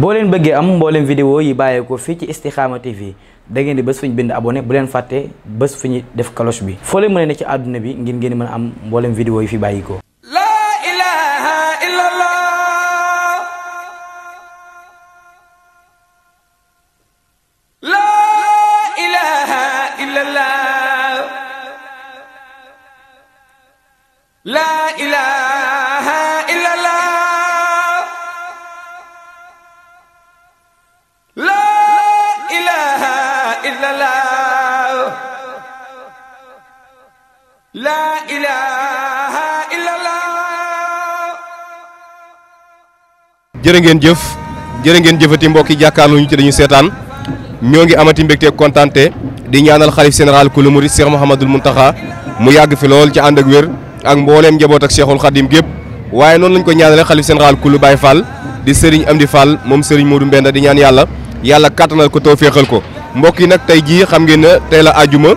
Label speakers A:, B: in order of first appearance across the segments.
A: boo leen bëggee am mbooleem vidéo yi bàyyeekoo fii ci Istikhama TV da ngeen di bés fu ñu bind abonné bu leen fàtte bés fu def cloche bi foo leen mën ne ci àdduna bi ngir ngeen mën am mbooleem vidéo yi fi bàyyikoo
B: la laa
C: ngeen jëf jërë ngeen jëfati mbokk yi jàkkaarloo ñu ci dañu seetaan ñoo ngi amati mbégte kontaante di ñaanal xalif général kulu murid Cheikh Mouhamadul Mountakha mu yàgg fi lool ci ànd ak wér ak mbooleem njaboot ak Cheikhul Khadim gépp waaye noonu lañ ko ñaanalee xalif général kulu Baye Fall di Serigne Amdi Fall moom Serigne Modou Mbenda di ñaan yàlla yàlla kattanal ko tawféexal ko mbokk yi nag tey jii xam ngeen ne tey la ajuma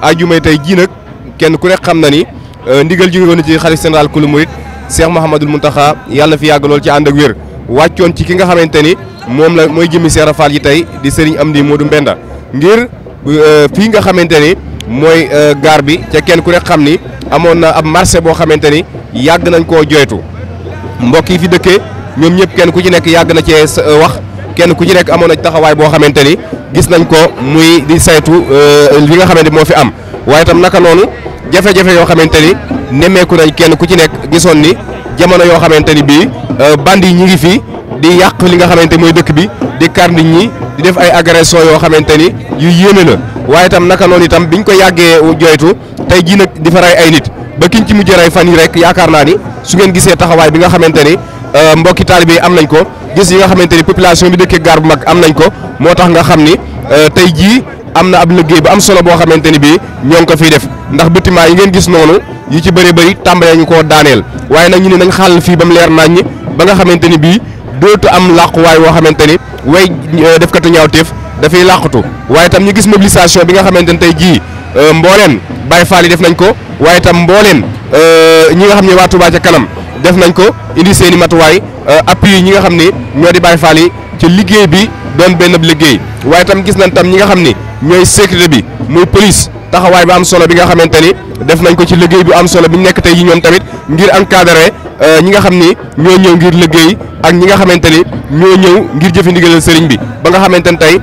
C: ajuma tey jii nag. kenn ku nekk xam na ni euh, ndigal jóge woon ci xalif général kulu murit Cheikh Mouhamadul Mountakha yàlla fi yàgg lool ci ànd ak wér wàccoon ci ki nga xamante ni moom mooy jëmmi Cheikh yi tey di Serigne Amdi Modou Mbenda ngir euh, fii nga xamante ni mooy euh, gaar bi ca kenn ku nekk xam ni amoon na ab marché boo xamante ni yàgg nañ koo joytu mbokk yi fi dëkkee ñoom ñëpp kenn ku ci nekk yàgg na cee wax kenn ku ci nekk amoon na taxawaay boo xamante ni gis nañ ko muy di saytu li nga xamante moo fi am. waaye itam naka noonu jafe-jafe yoo xamante ni nemeeku nañ kenn ku ci nekk gisoon ni jamono yoo xamante ni bii euh, band yi ñu ngi fii di yàq li nga xamante ni mooy dëkk bi di kar nit ñi di def ay agression yoo xamante ni yu yéeme la waaye itam naka noonu itam bi ñu ko yàggee joytu tey jii nag di fa rey ay nit ba kiñ ci mujj rey fan yi rek yaakaar naa ni su ngeen gisee taxawaay bi nga xamante ni euh, mbokki taalibe am nañ ko gis yi nga xamante ni population bi dëkkee gaar bu mag am nañ ko moo tax nga xam ni euh, tey jii am na ab liggéey bu am solo boo xamante ni bii ñoo ngi ko fiy def ndax bâtiment yi ngeen gis noonu yi ci bëri bëri tàmbalee ñu koo daaneel waaye nag ñu ne nañ xàll fii ba mu leer nañ ñi ba nga xamante ni bii dootu am làquwaay woo xamante ni way euh, defkatu ñaawteef dafay làqatu waaye tam ñu gis mobilisation bi nga xamante ni tey jii euh, mbooleen Baye Fall yi def nañ ko waaye tam mbooleen euh, ñi nga xam ne waa Touba kanam def nañ ko indi seen i matuwaay appui yi ñi nga xam ne ñoo di Baye ci liggéey bi doon benn liggéey waaye tam gis nañ tam ñi nga xam ni ñooy sécurité bi mooy police taxawaay bu am solo bi nga xamante ni def nañ ko ci liggéey bi am solo bi nekk tey yi ñoom tamit ngir encadrer euh, ñi nga xam ni ñoo ñëw ngir liggéey ak ñi nga xamante ni ñoo ñëw ngir jëfi ndigalal sëriñ bi ba nga xamante ni tey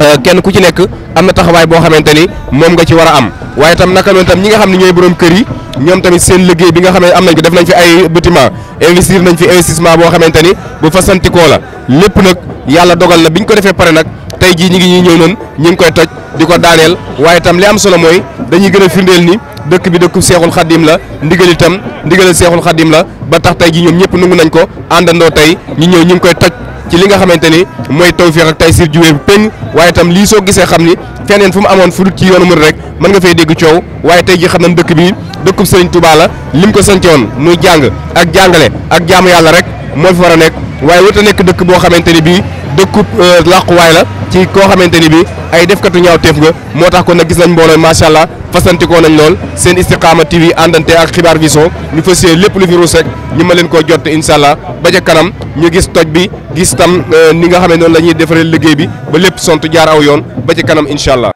C: euh, kenn ku ci nekk am na taxawaay boo xamante ni moom nga ci war a am waaye tam naka noonu tam ñi nga xam ne ñooy boroom kër yi ñoom tamit seen liggéey bi nga xam ne am nañ ko def nañ fi ay bâtiment investir nañ fi investissement boo xamante ni bu fasantikoo la lépp nag yàlla dogal na biñ ko defee pare nag tey jii ñu ngi ñuy ñëw noonu ñu ngi koy toj di ko daaneel waaye itam li am solo mooy dañuy gën a firndeel ni dëkk bi dëkku seexul xaddim la ndigal itam ndigal seexul xaddim la ba tax tey jii ñoom ñëpp nangu nañ ko àndandoo tey ñu ñëw ñu ngi koy toj ci li nga xamante ni mooy tawfeex ak taysiir juwee bu péng waaye itam lii soo gisee xam ni feneen fu mu amoon fu dut ci yoonu mën rek mën nga fee dégg coow waaye tey ji xam nañ dëkk bi dëkku sëriñ Touba la lim ko sance woon muy jàng ak jàngale ak jaamu yàlla rek moo fi war a nekk waaye wut a nekk dëkk boo xamante ni bii dëkkub euh, làquwaay la ci koo xamante ni bii ay defkatu teef nga moo tax kon nag gis nañ mbooloo macha allah fasantikoo nañ lool seen Istikhama TV àndante ak Xibaar Vision ñu fas yéene lépp lu fi ruus rek ñu ma leen koo jot incha allah ba ca kanam ñu gis toj bi gis tam euh, ni nga xam ne noonu la defaree liggéey bi ba lépp sont jaar aw yoon ba ca kanam incha allah.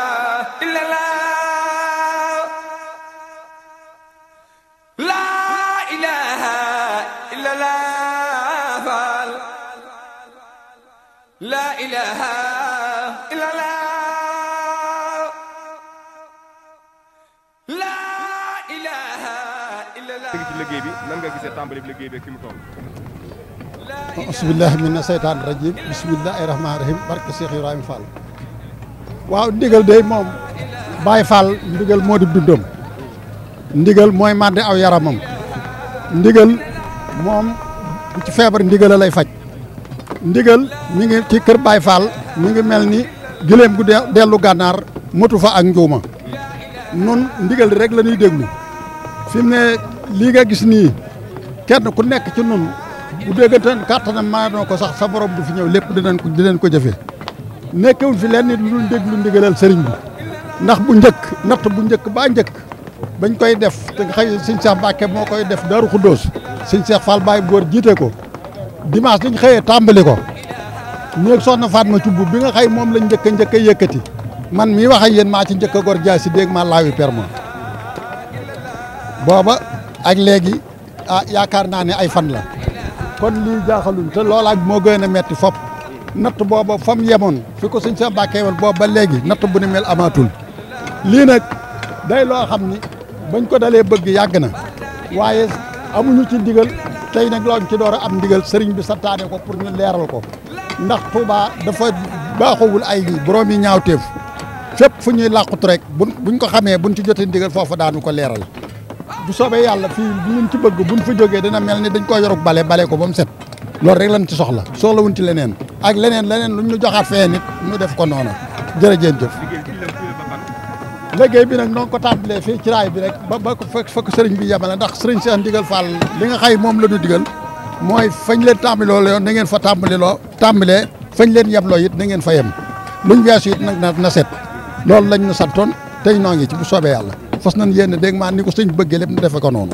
C: liggéey bi nga gisee tàmbali bi liggéey bi ak fi mu toll.
D: asbillahi mina seytaani rajim bismillahi rahmaani rahim barke Cheikh Ibrahima Fall waaw ndigal day moom Baye Fall ndigal moo di dundam ndigal mooy màdde aw yaramam ndigal moom ci feebar ndigal faj ndigal mi ngi ci kër Baye Fall mi ngi mel ni gileem gu dellu gànnaar motu fa ak njuuma nun ndigal rek la ñuy déglu fi mu lii nga gis nii kenn ku nekk ci nun bu dégganteen kàttanam maa doon ko sax sa borom bu fi ñëw lépp dinañ ko dinañ ko jëfee nekkewul fi lenn lu dul déglu ndigalal sëriñ bi ndax bu njëkk natt bu njëkk baa njëkk bañ koy def te xëy sëñ Cheikh Mbacke moo koy def Daaru Xuddoos sëñ Cheikh Fall Baye góor jiite ko dimanche dañ xëyee tàmbali ko ñeeg soxna Fatma Thioub bi nga xëy moom lañ njëkk njëkk a yëkkati man mii wax ak yéen maa ci njëkk a gor jaay si déeg maa laawi perma ak léegi a ah, yaakaar naa ne ay fan la kon lii jaaxalul te loolaat moo gën a metti fop natt booba fa mu yemoon fi ko suñ sa bàkkee woon boobu ba léegi natt bu ni mel amaatul lii nag day loo xam ni bañ ko dalee bëgg yàgg na waaye amuñu ci ndigal tey nag looñ ci door a am ndigal sëriñ bi santaane ko pour ñu leeral ko ndax Touba dafa baaxawul ay borom yi ñaawteef fépp fu ñuy làqut rek bu buñ ko xamee buñ ci jotee ndigal foofu daanu ko leeral bu soobee yàlla fii buñ ci bëgg buñ fa jógee dana mel ni dañ ko yorug bale bale ko ba mu set loolu rek la lañ ci soxla soo la wuñ ci leneen ak leneen leneen luñ ñu joxaat fee nit ñu def ko noonu jërëjeen jëf liggéey bi nag noo ko tàmbalee fii ci raay bi rek ba ba fa ko sëriñ bi yemale ndax sëriñ Cheikh Ndigal Fall li nga xay moom la ñu digal mooy fañ leen la yoon na ngeen fa tàmbaliloo tàmbalee fañ leen looy it na ngeen fa yem luñ weesu it nag na set loolu lañ ñu santoon tey noo ngi ci bu soobee yàlla fas nañ yéene dégg maa ni ko sëñ bëggee lépp ñu defe noonu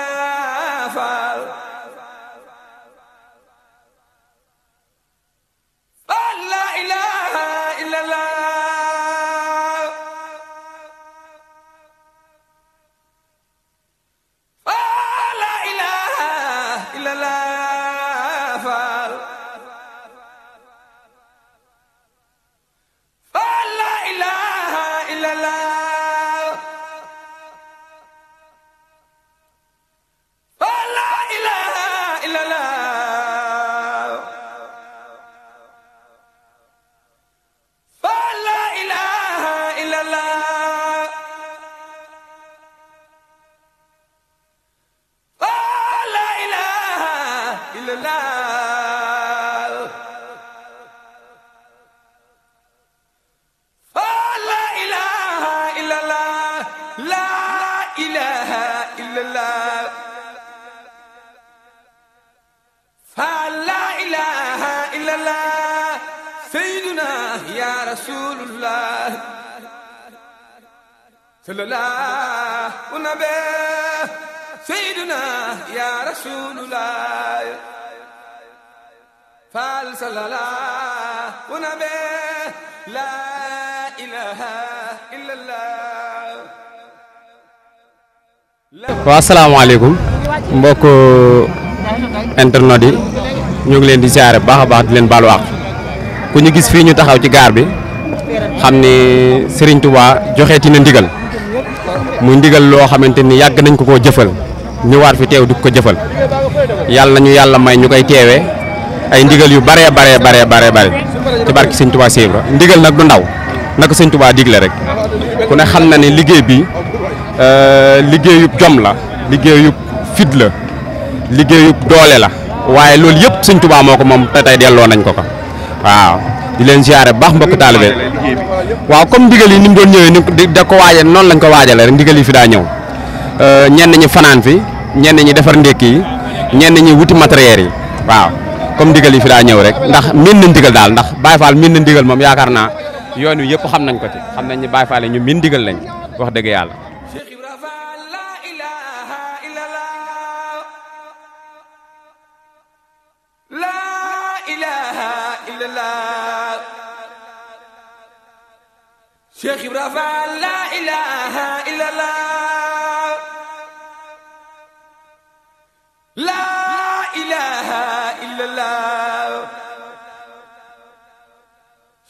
B: faal sallallahu nabi
E: mbokk internet yi ñoo ngi leen di siyaare baax a baax di leen baalu àq ku ñu gis fii ñu taxaw ci gaar bi xam ni Serigne Touba joxeeti na ndigal mu ndigal loo xamante ni yàgg nañ ko koo jëfal ñëwaat fi teew di ko jëfal yàlla nañu yàlla may ñu koy teewee. ay ndigal yu baree baree baree baree bare ci barki sëñ Tuubaa Séex Ibra ndigal nag du ndaw naka sëñ Tuubaa digle rek ku ne xam na ne liggéey bi euh, liggéeyub jom la liggéeyub fit la liggéeyub doole la waaye loolu yëpp sëñ Tuubaa moo ko moom te tey delloo nañ ko ko waaw di leen siyaare baax mbokk taalibe waaw comme ndigal yi ni mu doon ñëwee ni da ko noon noonu lañ ko waajale rek ndigal yi fi daa ñëw euh, ñenn ñi fanaan fi ñenn ñi defar ndékki yi ñenn ñi wuti matériel yi comme ndigal yi fi daa ñëw rek ndax miin na ndigal daal ndax Baye Fall miin na ndigal moom yaakaar naa yoon wi yëpp xam nañ ko ci xam nañ ni Baye Fall ñu miin ndigal lañ wax dëgg yàlla.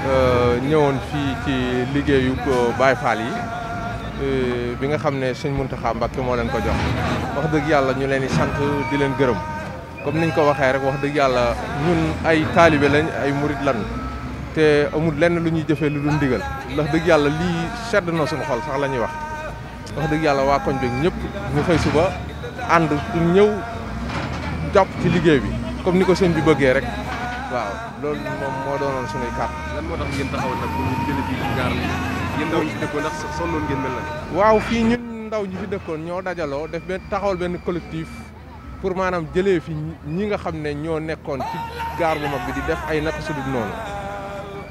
F: Euh, ñëwoon fii ci liggéeyu Baye Fall yi euh, bi nga xam ne sëñ Mountakha Mbacké moo leen ko jox wax dëgg yàlla ñu leen di sant di leen gërëm comme ñu ko waxee rek wax dëgg yàlla ñun ay taalibe lañ ay murit lan te amul lenn lu ñuy jëfee lu dul ndigal ndax dëgg yàlla lii sedd na suñu xol sax lañuy wax wax dëgg yàlla waa koñ bi ñëpp ñu xëy suba ànd ñëw jàpp ci liggéey bi comme ni ko sëñ bi bëggee rek waaw loolu moom moo doonoon suñuy kàddu. lan moo tax ngeen taxaw nag pour ñu jëlee
C: fi dëkkoon ndax na.
F: waaw fii ñun ndaw ñi fi dëkkoon ñoo dajaloo def benn taxawul benn collectif pour maanaam jëlee fi ñi nga xam ne ñoo nekkoon ci gaar bu mag bi di def ay naka su dul noonu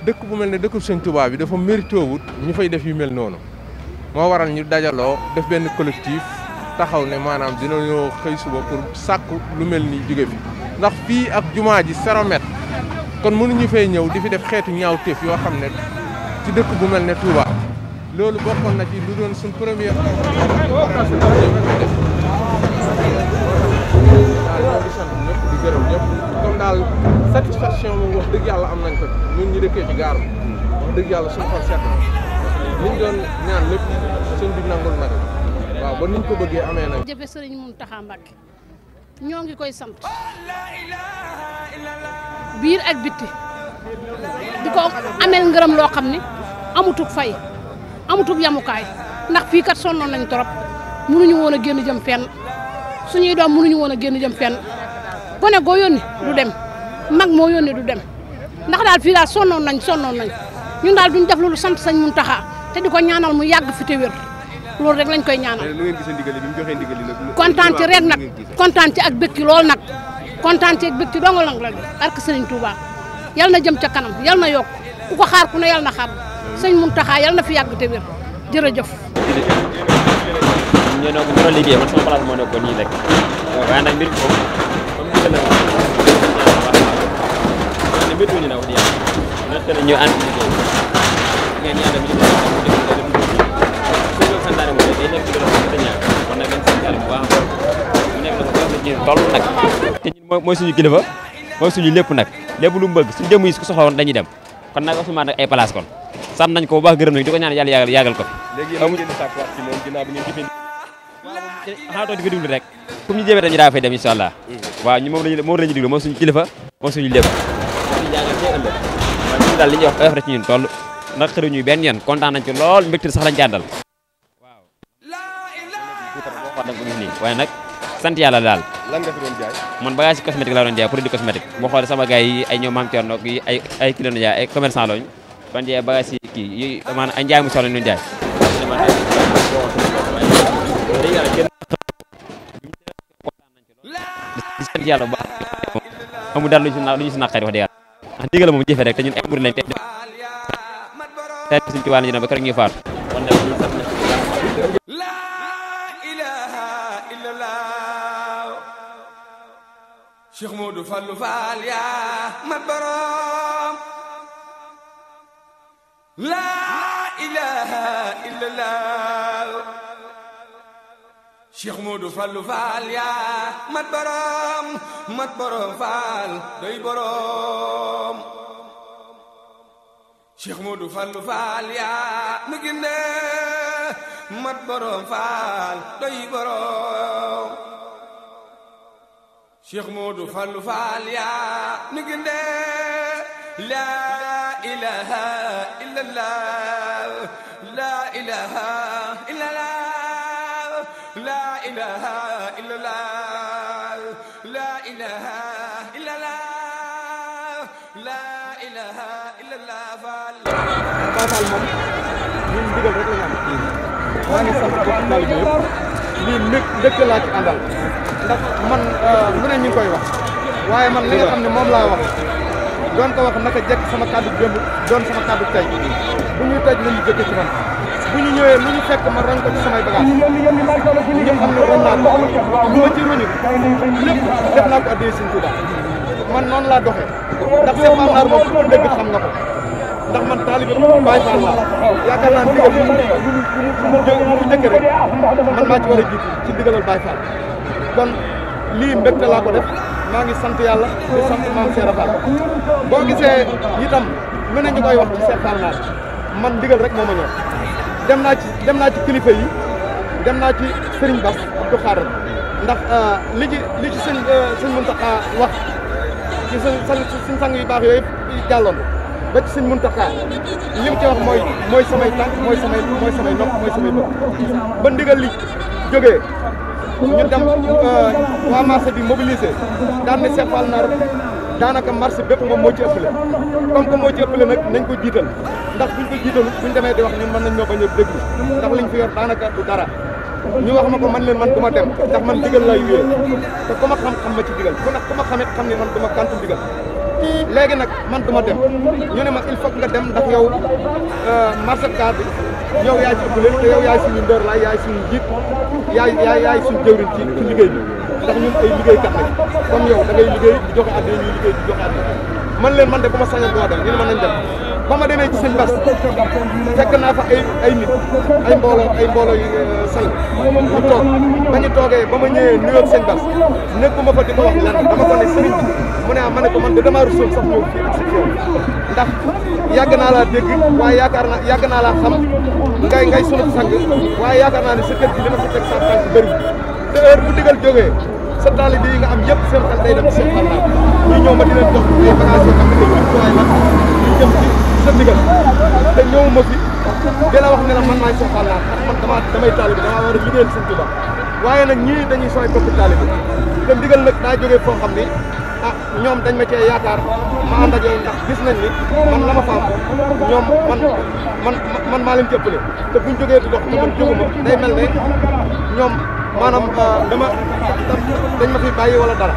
F: dëkk bu mel ne dëkku Sëñ Tuubaa bi dafa mérité wut ñu fay def yu mel noonu moo waral ñu dajaloo def benn collectif taxaw ne maanaam dinañoo xëy suba pour sàkku lu mel ni jóge fi ndax fii ak jumaa ji 0 kon mënuñu fee ñëw di fi def xeetu ñaawteef yoo xam ne ci dëkk bu mel ne Touba loolu bokkoon na ci lu doon suñ première gërëm ñëpp comme daal satisfaction moom wax dëgg yàlla am nañ ko ñun ñu dëkkee ci gaaru wax dëgg yàlla suñu xol seet liñ doon ñaan lépp suñ bi nangul nag waaw ba niñ ko bëggee amee nag
A: jëfe sëriñ Mountakha Mbacké ñoo ngi koy sant biir ak bitti di ko amel ngërëm loo xam ni amutug fay amutug yamukaay ndax fii kat sonnoon nañ torop mënuñu woon a génn jëm fenn suñuy doom mënuñu woon a génn jëm fenn gone goo yónni du dem mag moo yónni du dem ndax daal fii daal sonnoon nañ sonnoon nañ ñun daal duñ def loolu sant sañ mun taxaa te di ko ñaanal mu yàgg fi te wér loolu rek lañ koy ñaanal.
C: kontaan ci rek nag
A: kontaan ak bëkki lool nag. kontaan ceeg bëgg ci dongal nag la barke sëriñ Touba yal na jëm ca kanam yal na yokk ku ko xaar ku ne yal na xaar sëñ Mountakha yal na fi yàgg te wér jërëjëf.
G: bu nekk dafa ñu toll nag te mooy suñu kilifa mooy suñu lépp nag lépp lu mu bëgg suñu jëm yi su soxla woon dañuy dem kon nag Ousmane nag ay place kon sant nañ ko bu baax gërëm di ko ñaan yàlla yàggal yàggal ko fi xanaa toog di ko diglu rek comme ñu jébee tam ñu daa fay dem incha allah mm. ñu moom lañu moom lañu diglu moom suñu kilifa moom suñu lépp suñu jaagal cee ëllëg waaw li ñuy wax ci ñun toll ndax xëru ñuy benn yoon kontaan nañ ci lool mbégte sax lañ ci àndal waaw waaye nag sant yàlla daal
C: lan nga fi doon jaay
G: man bagage cosmétique laa doon jaay produit ay ñoom maam Thierno yi ay ay kii doon jaay ay commerçant lañu doon jaay bagage yi kii yi maanaam lu ñu si naqari wax dëgg yàlla ndax ndigal moom jëfe
C: Cheikh Modou Fallou Fall
B: yaa mat boroom laa ilaaha illallaah Cheikh Modou Fallou Fall yaa mat boroom mat boroom Fall doy boroom Cheikh Modou Fallou Fall yaa nu ginde mat boroom Fall doy boroom
F: Cheikh Modou Fallou Fall yaa
B: ni ginde la ilaha illallah
G: la ilaha
B: illallah la ilaha illallah la ilaha illallah la ilaha illallah Fall Fall
A: moom ñun ndigal rek la ñu am maa ngi sant bokk taalibe yëpp lii mbég dëkk laa ci àndal ndax man euh, lu ne ñu koy wax waaye man li nga xam ne moom laa wax doon ko wax naka jekk sama kàddu démb doon sama kàddu tey bu ñuy tëj nañu jëkke ci man bu ñu ñëwee lu ñu fekk ma roñ ko ci samay bagage ñëpp xam ne roñ naa ko lu ma ci roñu lépp def naa ko addee Sëñ man noonu laa doxee ndax seen maam naar moom xam nga ko ndax man taalibe Baay Faal la yaakaar naa ndigal bu mu jël man
C: maa
A: ci war a jiitu ci ndigalal Baay Faal kon lii mbégte laa ko def maa ngi sant yàlla di sant maam Seera Faal boo gisee itam lu ne ñu koy wax ci Seer man ndigal rek moo dem naa ci dem naa ci kilifa yi dem naa ci Serigne Bass du ndax euh, li ci li ci sëñ sëñ Muntaxa wax ci yu baax yooyu yëpp ba ci sëñ Muntaxa li mu ci wax mooy mooy samay tànk mooy samay mooy samay nopp mooy samay bopp ba ndigal li jógee ñu dem euh, waa marché bi mobilisé daan ne Cheikh Fall Nar daanaka marché bépp moom moo ci ëppale
F: comme que moo ci ëppale nag nañ
A: ko jiital ndax buñ ko jiitalu buñ demee di wax ñun mën nañ ñoo bañ a déglu ndax liñ fi daanaka du dara
F: ñu wax ma ko man leen man du ma dem ndax man digal lay wéyee
A: te ku ma xam-xam ma ci digal ku nag ku ma xamit xam ne man du ma kantu léegi nag man du ma dem ñu ne ma il faut nga dem ndax yow euh, marché Ocass bi yow yaay ci ëppale te yow yaay suñu ndóor laay yaay suñu jiit yaay yaay yaay suñu jëwriñ ci liggéey bi ndax ñun ay liggéey kat lañ kon yow da ngay liggéey di joxe addiya ñuy liggéey di joxe addiya man leen man de bu ma sañoon doo dem ñu ne ma nañ dem ba ma demee ci sëñ Bass fekk naa fa ay ay nit ay mbooloo ay mbooloo yu euh, sal ñu toog toogee ba ma ñëwee nuyoog sëñ Bass nekkuma fa di ko wax lenn dama ko ne sëriñ mu ne ah ma ne ko man de damaa rusoon sax ñëw fii ak si yow ndax yàgg naa laa dégg waaye yaakaar naa sa kër gi dina fa teg sa tànk bëri te heure bu digal jógee sa taalibe yi nga am yëpp seen xel day dem ci seen xalaat ñu ñëw ma di leen jox ay bagages yoo xam ne dañuy sa ndigal te ñëwuma fi
F: di la wax ne la man maay
A: soxal naa ndax dama damay taalibi damaa war a liggéeyal sëñ waaye nag ñii dañuy sooy bopp taalibi te ndigal nag daa jógee foo xam ni a ah, ñoom dañ ma cee yaakaar ma ànd ak yow gis nañ ni man la ma faam ñoom man man man maa leen jëppale te buñ jógee di dox te man jóguma day mel ne ñoom maanaam ah, dama dañ ma fi bàyyi wala dara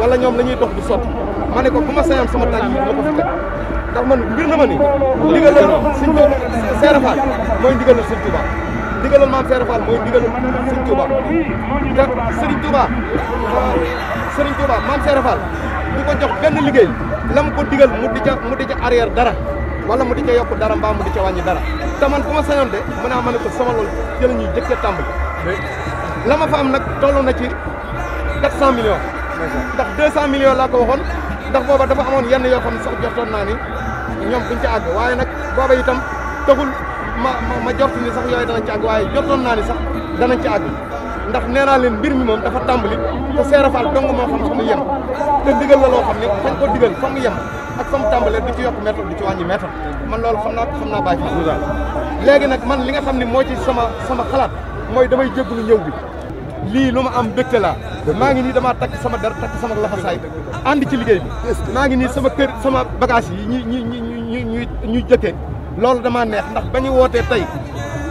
A: wala ñoom la ñuy dox du sotti ma ne ko bu ma seeyam sama tànk bi ma ko fi teg ndax man mbir na ma ni ndigalal suñ ko Seera Fall mooy ndigalal Sëriñ Touba ndigalal maam Seera Fall mooy ndigalal Sëriñ Touba ndax Sëriñ Touba Sëriñ Touba maam Seera Fall du ko jox benn liggéey la mu ko digal mu di ca mu di ca arrière dara wala mu di ca yokk dara mbaa mu di ca wàññi dara te man ku ma sañoon de mën naa ma ko sama loolu ci la ñuy jëkkee ma am nag toll na ci 400 millions ndax 200 millions laa ko waxoon ndax booba dafa amoon yenn yoo xam ne sax jortoon naa ni ñoom buñ ci àgg waaye nag booba itam taxul ma ma jortu ni sax yooyu dana ci àgg waaye jortoon naa ni sax dana ci àgg ndax nee naa leen mbir mi moom dafa tàmbali te seerafaal dong moo xam suñu yem te digal la loo ko digal fa mu yem ak fa mu tàmbalee di ci yokk mètre di ci wàññi mètre man loolu xam naa xam naa bàyyi fi léegi nag man li nga xam ne moo ci sama sama xalaat mooy damay jégalu ñëw bi lii lu ma am bégte laa maa ngi nii damaa takk sama der takk sama lafasaay ànd ci liggéey bi maa ngi nii sama kër sama bagage yi ñu ñu ñu ñu ñu jëkkee loolu damaa neex ndax ba ñu wootee tey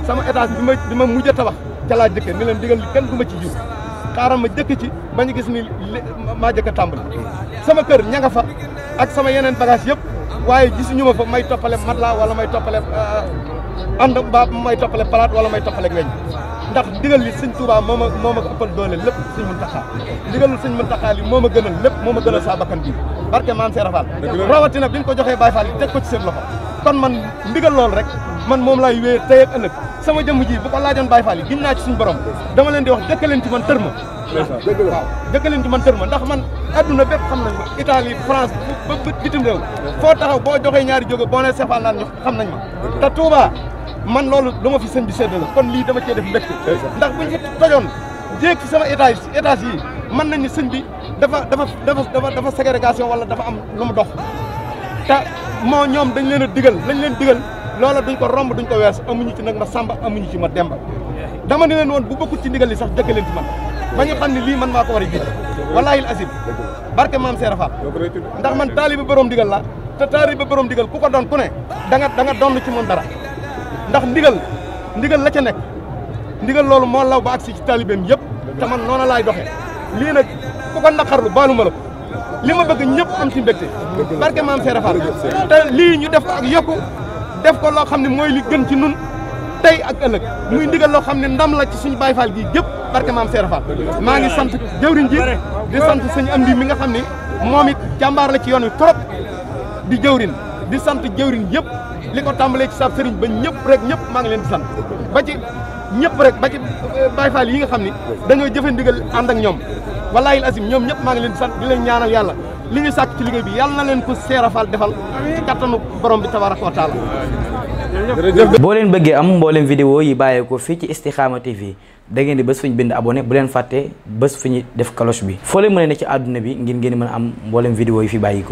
A: sama étage bi ma bi ma mujj a tabax ca laa jëkkee ni leen digal li kenn du ma ci jiw xaaral ma jëkk ci ba ñu gis ni maa jëkk a tàmbali sama kër ña nga fa ak sama yeneen bagage yëpp waaye gisuñu ma fa may toppale matelas wala may toppale euh, ànd ba may toppale palaat wala may toppale weñ ndax digal li sëñ Touba moo ma moo ma ëppal doole lépp sëñ Muntaxa digalul sëñ Muntaxa li moo ma gënal lépp moo ma gënal saa bakkan bi barke maam Seera Fall rawatina bi ñu ko joxee Baye Fall ko ci seen loxo kon man ndigal loolu rek man moom laay wéer tey sama jëmm ji bu ko laajoon Baye Fall yi gin naa ci suñu borom dama leen di wax dëkk leen ci man tër ma waaw dëkk leen ci man tër ma ndax man adduna bépp xam nañ ma Italie France ba bitim réew foo taxaw boo joxee ñaari jóge boo nee sefal naan ñu xam nañ ma te Touba man loolu lu ma fi sëñ bi séddale kon lii dama cee def mbégte ndax buñ fi tojoon jéeg sama étage étage yi mën nañ ni sëñ bi dafa dafa dafa dafa ségrégation wala dafa am lu mu dox te moo ñoom dañu leen a digal leen digal loola duñ ko romb duñ ko wees amuñu ci nag ma sàmba amuñu ci ma demba dama ne leen woon bu bokkut ci ndigal li sax dëkk leen ci xam ne lii man maa ko war a jiite walaayil asib barke maam Seera Fall ndax man taaliba borom ndigal la te taaliba borom ndigal ku ko doon ku ne da nga doon ci moom dara ndax ndigal ndigal la ca nekk ndigal loolu moo law ba agsi ci taalibeem yëpp te man noona laay doxee lii nag ku ko naqarlu baalu ma la ko li ma bëgg ñëpp am ci mbégte barke maam Seera Fall te lii ñu def ak yokku def ko loo xam ne mooy li gën ci nun tey ak ëllëg muy ndigal loo xam ne ndam la ci suñu Baay Faal gi yëpp barke maam Seera Faal maa ngi sant jëwriñ ji di sant suñu am di mi nga xam ne moom it jàmbaar la ci yoon wi trop di jëwriñ di sant jëwriñ yëpp li ko tàmbalee ci sab sëriñ ba ñëpp rek ñëpp maa ngi leen di sant ba ci ñëpp rek ba ci Baay yi nga xam ni dañoo jëfe ndigal ànd ak ñoom wallaahi asim ñoom ñëpp maa ngi leen di sant di ñaanal yàlla li ñu sàkk ci liggéey bi yàlla na leen ko Seera Fall defal ci kattanu borom bi tabaraka wa boo leen bëggee am mboolem video yi bàyyeekoo fii ci Istikhama TV da ngeen di bés fu ñu bind abone
G: bu leen fàttee bés fu ñu def cloche bi foo leen mën a ne ci àdduna bi ngir ngeen mën a am mboolem vidéo yi fi ko